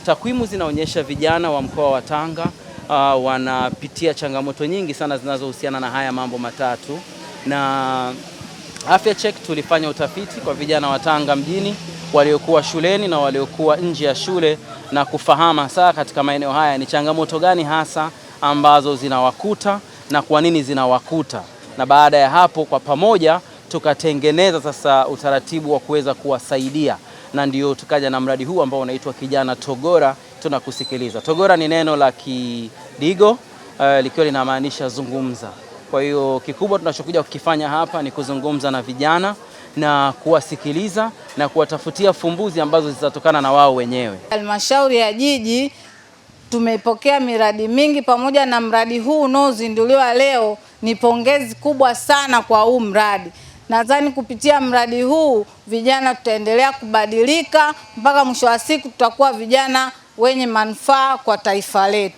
takwimu zinaonyesha vijana wa mkoa wa Tanga uh, wanapitia changamoto nyingi sana zinazohusiana na haya mambo matatu, na Afya Check tulifanya utafiti kwa vijana wa Tanga mjini waliokuwa shuleni na waliokuwa nje ya shule na kufahamu hasa katika maeneo haya ni changamoto gani hasa ambazo zinawakuta na kwa nini zinawakuta, na baada ya hapo kwa pamoja tukatengeneza sasa utaratibu wa kuweza kuwasaidia na ndio tukaja na mradi huu ambao unaitwa Kijana Togora Tunakusikiliza. Togora ni neno la Kidigo uh, likiwa linamaanisha zungumza. Kwa hiyo kikubwa tunachokuja kukifanya hapa ni kuzungumza na vijana na kuwasikiliza na kuwatafutia fumbuzi ambazo zitatokana na wao wenyewe. Halmashauri ya jiji tumepokea miradi mingi, pamoja na mradi huu unaozinduliwa leo. Ni pongezi kubwa sana kwa huu mradi. Nadhani kupitia mradi huu vijana tutaendelea kubadilika mpaka mwisho wa siku tutakuwa vijana wenye manufaa kwa taifa letu.